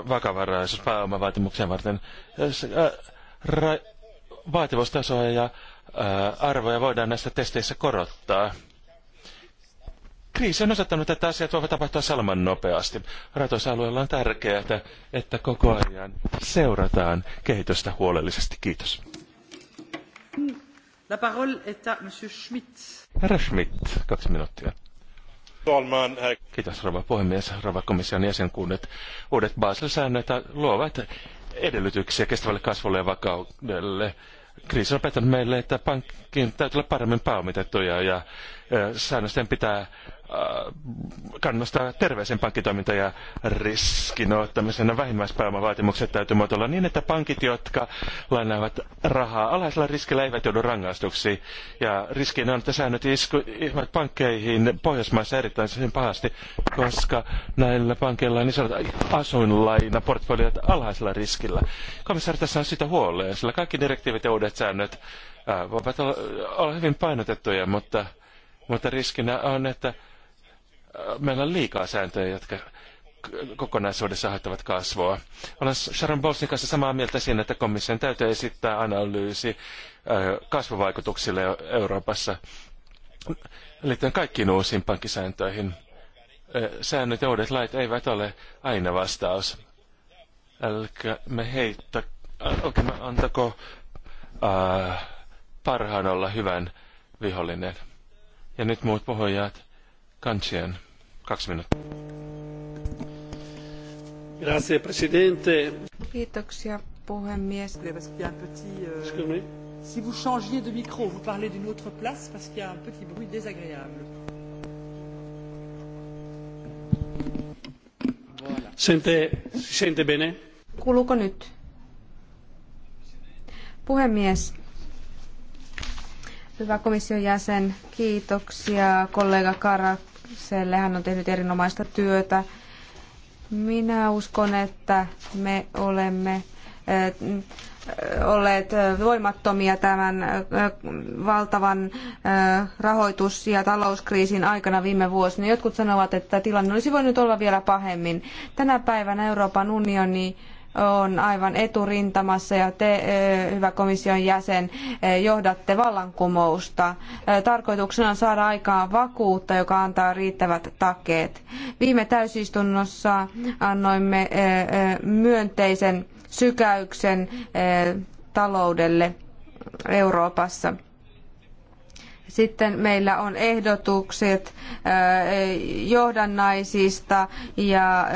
vakavaraisuus pääomavaatimuksen varten. vaativuustasoja ja arvoja voidaan näissä testeissä korottaa kriisi on osoittanut, että asiat voivat tapahtua salman nopeasti. Ratosalueella on tärkeää, että koko ajan seurataan kehitystä huolellisesti. Kiitos. La parole est à Monsieur Schmidt. Herra Schmidt, kaksi minuuttia. Talman, eh, Kiitos rouva puhemies, rouva komission jäsenkunnat. Uudet Basel-säännöt luovat edellytyksiä kestävälle kasvulle ja vakaudelle. Kriisi on opettanut meille, että pankkiin täytyy olla paremmin pääomitettuja ja eh, säännösten pitää Äh, kannustaa terveeseen pankkitoiminta ja riskin ottamisen vähimmäispääomavaatimukset täytyy muotoilla niin, että pankit, jotka lainaavat rahaa alhaisella riskillä, eivät joudu rangaistuksi. Ja riskin on, että säännöt iskevät pankkeihin Pohjoismaissa erittäin pahasti, koska näillä pankeilla on niin sanotut asuinlainaportfoliot alhaisella riskillä. Komissaari tässä on sitä huoleen, sillä kaikki direktiivit ja uudet säännöt äh, voivat olla, olla hyvin painotettuja, mutta, mutta riskinä on, että Äh, meillä on liikaa sääntöjä, jotka kokonaisuudessa haittavat kasvua. Olen Sharon Bolsin kanssa samaa mieltä siinä, että komission täytyy esittää analyysi äh, kasvuvaikutuksille Euroopassa liittyen kaikkiin uusiin pankkisääntöihin. Äh, säännöt ja uudet lait eivät ole aina vastaus. Älkää me heittä, okei, me antako äh, parhaan olla hyvän vihollinen. Ja nyt muut puhujat. Kantsien. Kaksi minuuttia. Grazie, presidente. Kiitoksia, puhemies. Euh, Excuse me. Si vous changiez de micro, vous parlez d'une autre place parce qu'il y a un petit bruit désagréable. Sente, sente bene? Kuuluuko nyt? Puhemies, hyvä komission jäsen, kiitoksia kollega Karak hän on tehnyt erinomaista työtä. Minä uskon, että me olemme eh, olleet eh, voimattomia tämän eh, valtavan rahoitus- ja talouskriisin aikana viime vuosina. Jotkut sanovat, että tilanne olisi voinut olla vielä pahemmin. Tänä päivänä Euroopan unioni on aivan eturintamassa ja te, hyvä komission jäsen, johdatte vallankumousta. Tarkoituksena on saada aikaan vakuutta, joka antaa riittävät takeet. Viime täysistunnossa annoimme myönteisen sykäyksen taloudelle Euroopassa. Sitten meillä on ehdotukset johdannaisista ja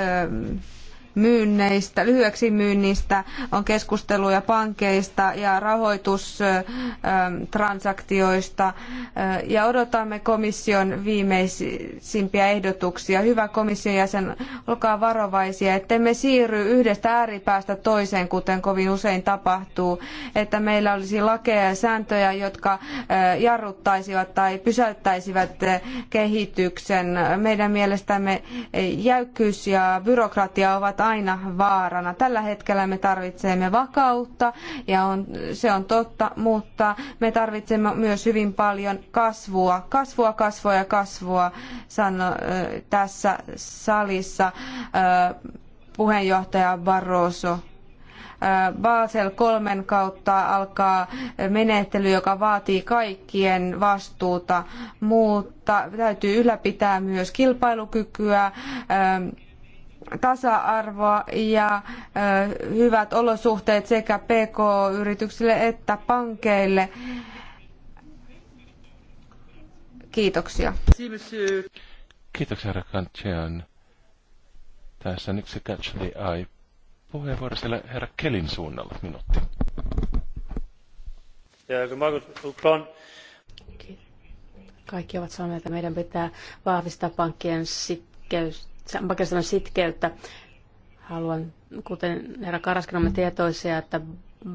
myynneistä, lyhyeksi myynnistä, on keskusteluja pankeista ja rahoitustransaktioista ja odotamme komission viimeisimpiä ehdotuksia. Hyvä komission jäsen, olkaa varovaisia, ettemme siirry yhdestä ääripäästä toiseen, kuten kovin usein tapahtuu, että meillä olisi lakeja ja sääntöjä, jotka jarruttaisivat tai pysäyttäisivät kehityksen. Meidän mielestämme jäykkyys ja byrokratia ovat aina vaarana. Tällä hetkellä me tarvitsemme vakautta ja on, se on totta, mutta me tarvitsemme myös hyvin paljon kasvua, kasvua, kasvua ja kasvua sano, tässä salissa puheenjohtaja Barroso. Basel kolmen kautta alkaa menettely, joka vaatii kaikkien vastuuta, mutta täytyy ylläpitää myös kilpailukykyä, tasa-arvoa ja hyvät olosuhteet sekä PK-yrityksille että pankeille. Kiitoksia. Kiitoksia, herra Kantian. Tässä on yksi Catch the Eye puheenvuoro siellä herra Kelin suunnalla minuutti. Kaikki ovat sanoneet, että meidän pitää vahvistaa pankkien sitkeystä oikeastaan sitkeyttä. Haluan, kuten herra Karaskin, olemme tietoisia, että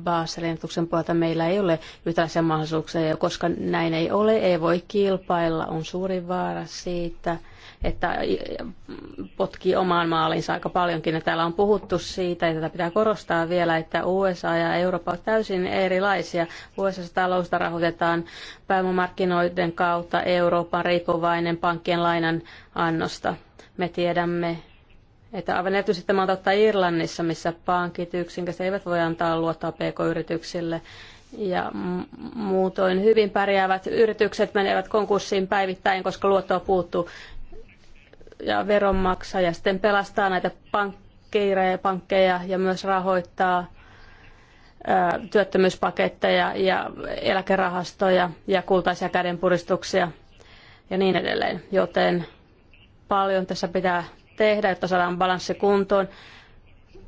Baselin puolta meillä ei ole yhtäläisiä mahdollisuuksia, ja koska näin ei ole, ei voi kilpailla. On suuri vaara siitä, että potkii omaan maaliinsa aika paljonkin. Ja täällä on puhuttu siitä, ja tätä pitää korostaa vielä, että USA ja Eurooppa ovat täysin erilaisia. USA talousta rahoitetaan pääomamarkkinoiden kautta, Eurooppa riippuvainen pankkien lainan annosta me tiedämme, että aivan erityisesti tämä on totta Irlannissa, missä pankit yksinkertaisesti eivät voi antaa luottaa pk-yrityksille. Ja muutoin hyvin pärjäävät yritykset menevät konkurssiin päivittäin, koska luottoa puuttuu. Ja veronmaksaja sitten pelastaa näitä pankkeja, pankkeja ja myös rahoittaa työttömyyspaketteja ja eläkerahastoja ja kultaisia kädenpuristuksia ja niin edelleen. Joten paljon tässä pitää tehdä, jotta saadaan balanssi kuntoon.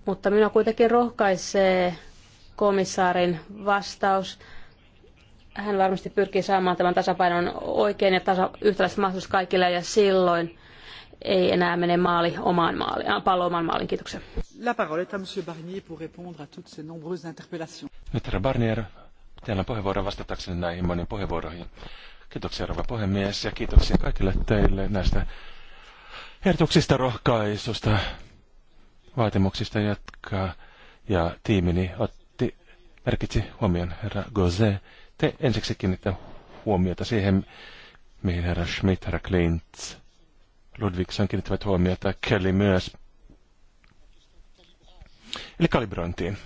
Mutta minua kuitenkin rohkaisee komissaarin vastaus. Hän varmasti pyrkii saamaan tämän tasapainon oikein ja tasa, yhtäläiset mahdollisuudet kaikille ja silloin ei enää mene maali omaan maaliin, pallo omaan maaliin. Kiitoksia. La parole est à monsieur Barnier pour répondre à toutes ces nombreuses interpellations. Herra Barnier, teillä on puheenvuoro vastatakseni näihin moniin puheenvuoroihin. Kiitoksia rouva puhemies ja kiitoksia kaikille teille näistä Herätuksista, rohkaisusta, vaatimuksista, jatkaa ja tiimini otti, merkitsi huomioon herra Gose. Te ensiksi kiinnittää huomiota siihen, mihin herra Schmidt, herra Klintz, Ludvigson kiinnittävät huomiota, Kelly myös. Eli kalibrointiin.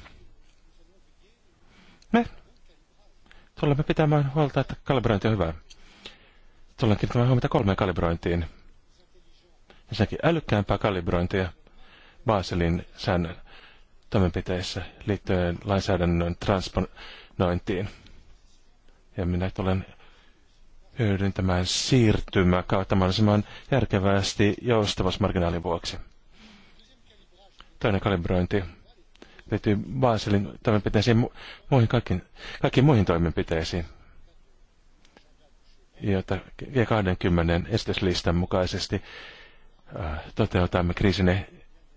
Me tulemme pitämään huolta, että kalibrointi on hyvä. Tullaan kiinnittämään huomiota kolmeen kalibrointiin. Ensinnäkin älykkäämpää kalibrointia Baselin säännön toimenpiteissä liittyen lainsäädännön transponointiin. Ja minä tulen hyödyntämään siirtymää kautta mahdollisimman järkevästi joustavassa marginaalin vuoksi. Toinen kalibrointi liittyy Baselin toimenpiteisiin mu- muihin kaikkiin, kaikkiin muihin toimenpiteisiin, joita G20 esityslistan mukaisesti Äh, toteutamme kriisin e-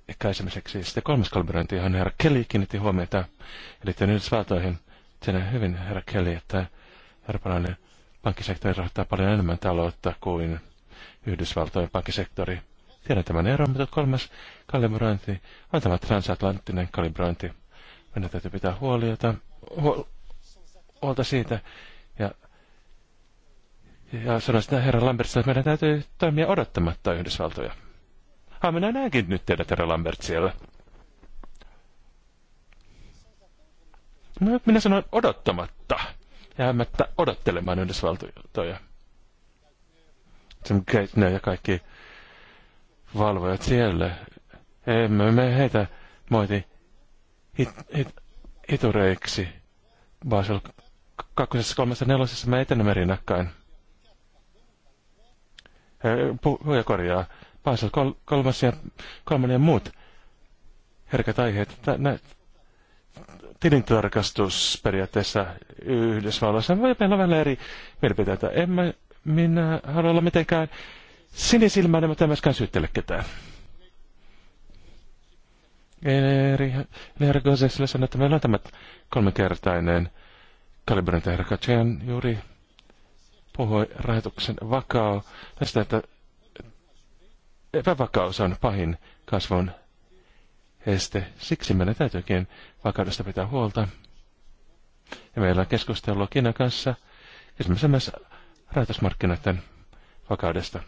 ehkäisemiseksi. Sitten kolmas kalibrointi, johon herra Kelly kiinnitti huomiota liittyen Yhdysvaltoihin. Sen hyvin, herra Kelly, että eurooppalainen pankkisektori rahoittaa paljon enemmän taloutta kuin Yhdysvaltojen pankkisektori. Tiedän tämän eron, mutta kolmas kalibrointi on tämä transatlanttinen kalibrointi. Meidän täytyy pitää huoliota, huolta siitä, ja sanoisin että herra Lambertsi, että meidän täytyy toimia odottamatta Yhdysvaltoja. Ha, ah, minä näenkin nyt teidät, herra Lambert, siellä. No, minä sanoin odottamatta. Jäämättä odottelemaan Yhdysvaltoja. Tim Gaitner ja kaikki valvojat siellä. Emme me heitä moiti hit, hit, hitureiksi. Basel kakkosessa, kolmessa, nelosessa me etenemme rinnakkain puhuja korjaa. paasel kol, kolmas ja kolmannen ja muut herkät aiheet. tilintarkastus periaatteessa Yhdysvalloissa. Meillä on vähän eri mielipiteitä. En mä, minä halua olla mitenkään sinisilmäinen, mutta en myöskään syyttele ketään. Eri, Herra Gozesille sanoi, että meillä on tämä kolmikertainen kalibrointi. Herra Katsian juuri puhui rahoituksen vakao, tästä, että epävakaus on pahin kasvun este. Siksi meidän täytyykin vakaudesta pitää huolta. Ja meillä on keskustelua Kiinan kanssa esimerkiksi myös rahoitusmarkkinoiden vakaudesta.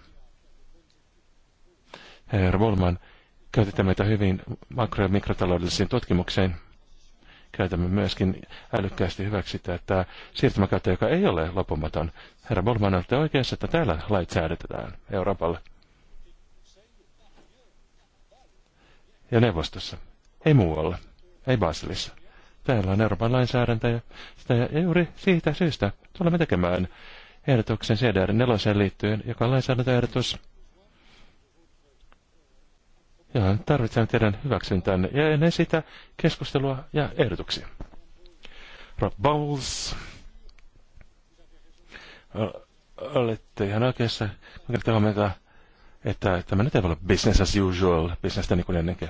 Herra Bolman, käytetään meitä hyvin makro- ja mikrotaloudellisiin tutkimukseen – käytämme myöskin älykkäästi hyväksi että siirtymäkäyttö, joka ei ole lopumaton. Herra Bolman, olette oikeassa, että täällä lait säädetään Euroopalle. Ja neuvostossa. Ei muualla. Ei Baselissa. Täällä on Euroopan lainsäädäntö ja sitä juuri siitä syystä tulemme tekemään ehdotuksen CDR4 liittyen, joka on lainsäädäntöehdotus, ja tarvitsemme teidän hyväksyntänne ja ennen sitä keskustelua ja ehdotuksia. Rob Bowles. Olette ihan oikeassa. Mä kertaan huomiota, että tämä nyt ei ole business as usual, bisnestä niin kuin ennenkin.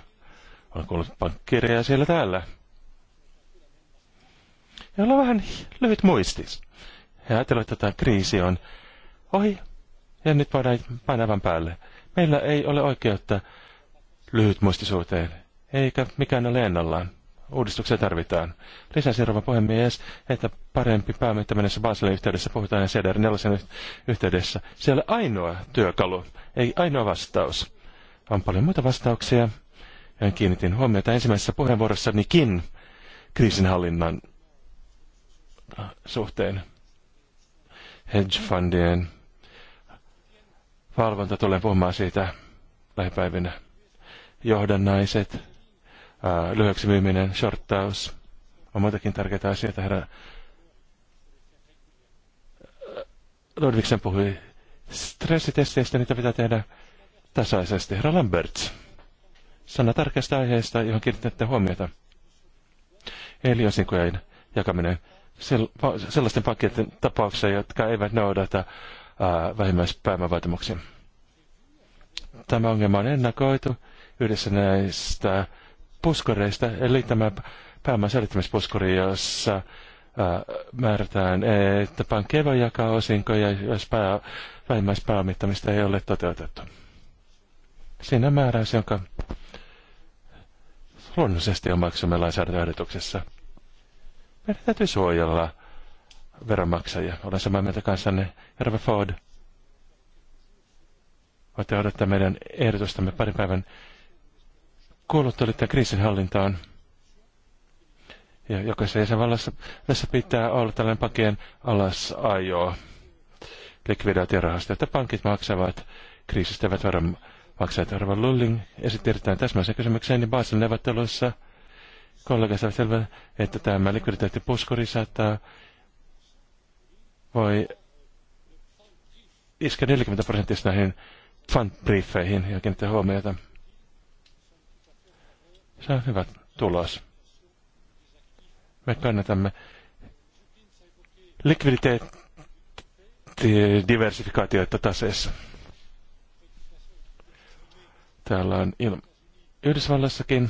Olen kuullut pankkirjaa siellä täällä. Ja ollaan vähän lyhyt muistis. Ja ajatellaan, että tämä kriisi on ohi. Ja nyt voidaan painaa päälle. Meillä ei ole oikeutta lyhytmuistisuuteen, eikä mikään ole ennallaan. Uudistuksia tarvitaan. Lisäsi rouva puhemies, että parempi pääomittaminen Baselin yhteydessä puhutaan ja CDR 4 yhteydessä. Se on ole ainoa työkalu, ei ainoa vastaus. On paljon muita vastauksia, Ja kiinnitin huomiota ensimmäisessä puheenvuorossanikin kriisinhallinnan suhteen. hedgefundien valvonta tulee puhumaan siitä lähipäivinä johdannaiset, lyhyeksi myyminen, shorttaus. On muitakin tärkeitä asioita. Herra Ludvigsen puhui stressitesteistä, niitä pitää tehdä tasaisesti. Herra Lamberts, sana tarkasta aiheesta, johon kiinnitätte huomiota. Eli osinkojen jakaminen sellaisten pankkien tapauksia, jotka eivät noudata vähimmäispääomavaatimuksia. Tämä ongelma on ennakoitu yhdessä näistä puskoreista, eli tämä pääoman säilyttämispuskuri, jossa ää, määrätään, että pankki voi jakaa osinkoja, jos pää, vähimmäispääomittamista ei ole toteutettu. Siinä on määräys, jonka luonnollisesti omaksumme lainsäädäntöehdotuksessa. Meidän täytyy suojella veronmaksajia. Olen samaa mieltä kanssanne, Herve Ford. Voitte odottaa meidän ehdotustamme parin päivän kuuluttelitte kriisinhallintaan. Ja jokaisessa jäsenvallassa tässä pitää olla tällainen pakien alasajo likvidaatiorahasto, että pankit maksavat, kriisistä eivät varo maksajat. Arva Lulling esitti erittäin täsmäisen kysymykseen, niin Baselin neuvotteluissa kollega saa selvä, että tämä likviditeettipuskuri saattaa voi iskeä 40 prosenttista näihin fundbriefeihin ja te huomiota. Se hyvät tulos. Me kannatamme likviditeettidiversifikaatioita taseessa. Täällä on il- Yhdysvallassakin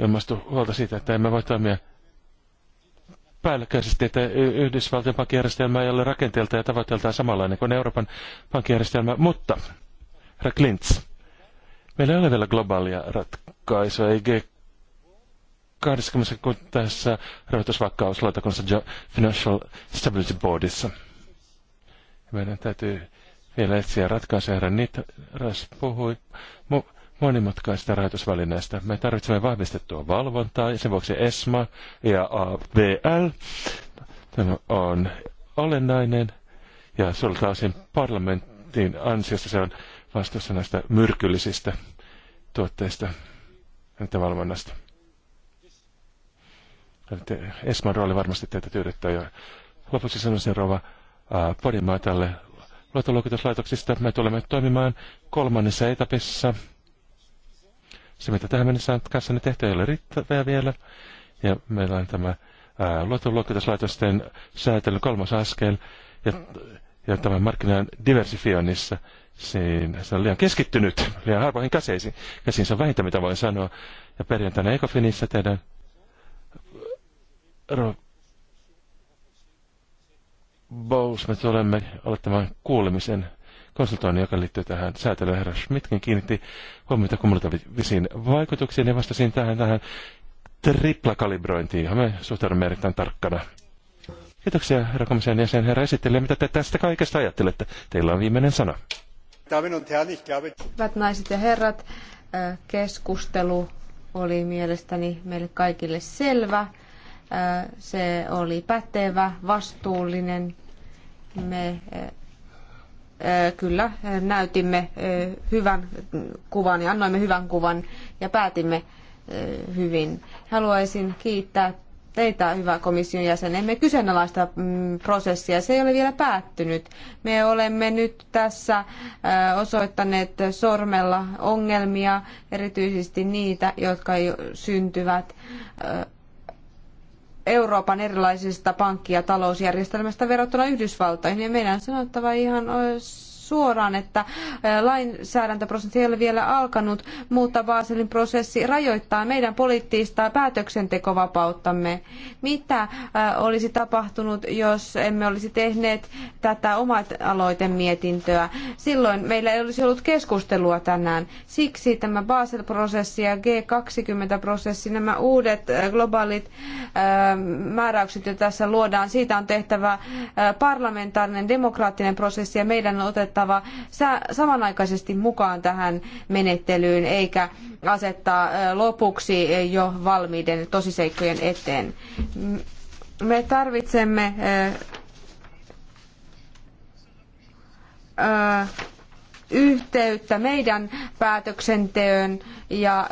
ilmastu huolta siitä, että emme voi toimia päällekkäisesti, että Yhdysvaltain pankkijärjestelmä ei ole rakenteelta ja tavoitteeltaan samanlainen kuin Euroopan pankkijärjestelmä, mutta herra Meillä ei ole vielä globaalia ratkaisua, ei G20 tässä rahoitusvakauslautakunnassa Financial Stability Boardissa. Meidän täytyy vielä etsiä ratkaisuja, herra Nitras puhui monimutkaisista rahoitusvälineistä. Me tarvitsemme vahvistettua valvontaa ja sen vuoksi ESMA ja AVL. Tämä on olennainen ja sulta osin parlamentin ansiosta se on vastuussa näistä myrkyllisistä tuotteista ja valvonnasta. Esman rooli varmasti teitä tyydyttää. jo lopuksi sanoisin rouva tälle luottoluokituslaitoksista. Me tulemme toimimaan kolmannessa etapissa. Se, mitä tähän mennessä on kanssanne tehty, ei ole riittävää vielä. Ja meillä on tämä luottoluokituslaitosten säätely kolmas askel ja, ja tämän markkinan diversifioinnissa – Siin, se on liian keskittynyt, liian harvoihin käseisiin. se on vähintä, mitä voin sanoa. Ja perjantaina Ecofinissä tehdään Ro... Bous, me tulemme aloittamaan kuulemisen konsultoinnin, joka liittyy tähän säätelyyn. Herra Schmidtkin kiinnitti huomiota kumulatiivisiin vaikutuksiin ja vastasin tähän, tähän triplakalibrointiin, johon me suhtaudumme erittäin tarkkana. Kiitoksia herra komission jäsen, herra esittelijä, mitä te tästä kaikesta ajattelette. Teillä on viimeinen sana. Hyvät naiset ja herrat, keskustelu oli mielestäni meille kaikille selvä. Se oli pätevä, vastuullinen. Me kyllä näytimme hyvän kuvan ja annoimme hyvän kuvan ja päätimme hyvin. Haluaisin kiittää teitä, hyvä komission jäsen. Emme kyseenalaista mm, prosessia, se ei ole vielä päättynyt. Me olemme nyt tässä osoittaneet sormella ongelmia, erityisesti niitä, jotka syntyvät Euroopan erilaisista pankki- ja talousjärjestelmästä verrattuna Yhdysvaltoihin. Ja meidän on sanottava ihan suoraan, että lainsäädäntöprosessi ei ole vielä alkanut, mutta Baselin prosessi rajoittaa meidän poliittista päätöksentekovapauttamme. Mitä olisi tapahtunut, jos emme olisi tehneet tätä omat aloitemietintöä? Silloin meillä ei olisi ollut keskustelua tänään. Siksi tämä Basel-prosessi ja G20-prosessi, nämä uudet globaalit määräykset, joita tässä luodaan, siitä on tehtävä parlamentaarinen demokraattinen prosessi ja meidän on otettava otettava samanaikaisesti mukaan tähän menettelyyn, eikä asettaa lopuksi jo valmiiden tosiseikkojen eteen. Me tarvitsemme yhteyttä meidän päätöksenteön ja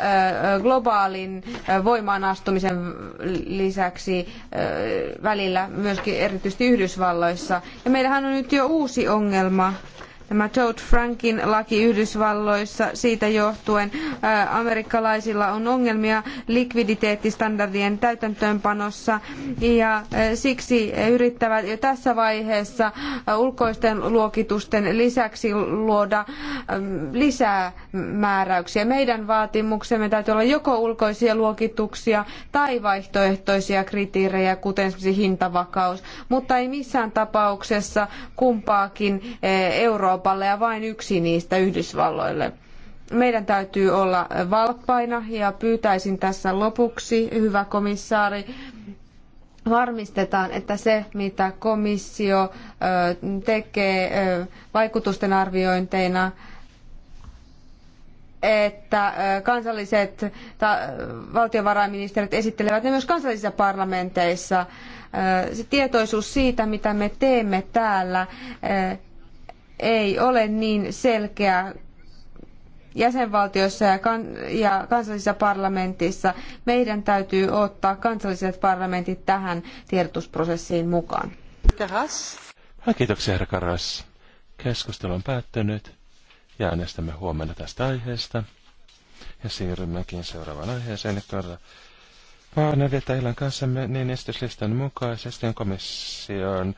globaalin voimaanastumisen lisäksi välillä myöskin erityisesti Yhdysvalloissa. Ja meillähän on nyt jo uusi ongelma tämä Toad Frankin laki Yhdysvalloissa siitä johtuen amerikkalaisilla on ongelmia likviditeettistandardien täytäntöönpanossa ja siksi yrittävät jo tässä vaiheessa ulkoisten luokitusten lisäksi luoda lisää määräyksiä. Meidän vaatimuksemme täytyy olla joko ulkoisia luokituksia tai vaihtoehtoisia kriteerejä, kuten esimerkiksi hintavakaus, mutta ei missään tapauksessa kumpaakin Euroopan kaupalle ja vain yksi niistä Yhdysvalloille. Meidän täytyy olla valppaina ja pyytäisin tässä lopuksi, hyvä komissaari, varmistetaan, että se, mitä komissio tekee vaikutusten arviointeina, että kansalliset ta, valtiovarainministerit esittelevät ne myös kansallisissa parlamenteissa. Se tietoisuus siitä, mitä me teemme täällä, ei ole niin selkeä jäsenvaltioissa ja, ja kansallisissa parlamentissa. Meidän täytyy ottaa kansalliset parlamentit tähän tiedotusprosessiin mukaan. Kiitoksia, herra Karas. Keskustelu on päättynyt ja äänestämme huomenna tästä aiheesta. Ja siirrymmekin seuraavaan aiheeseen, joka vaan ne illan kanssamme niin esityslistan mukaisesti on komission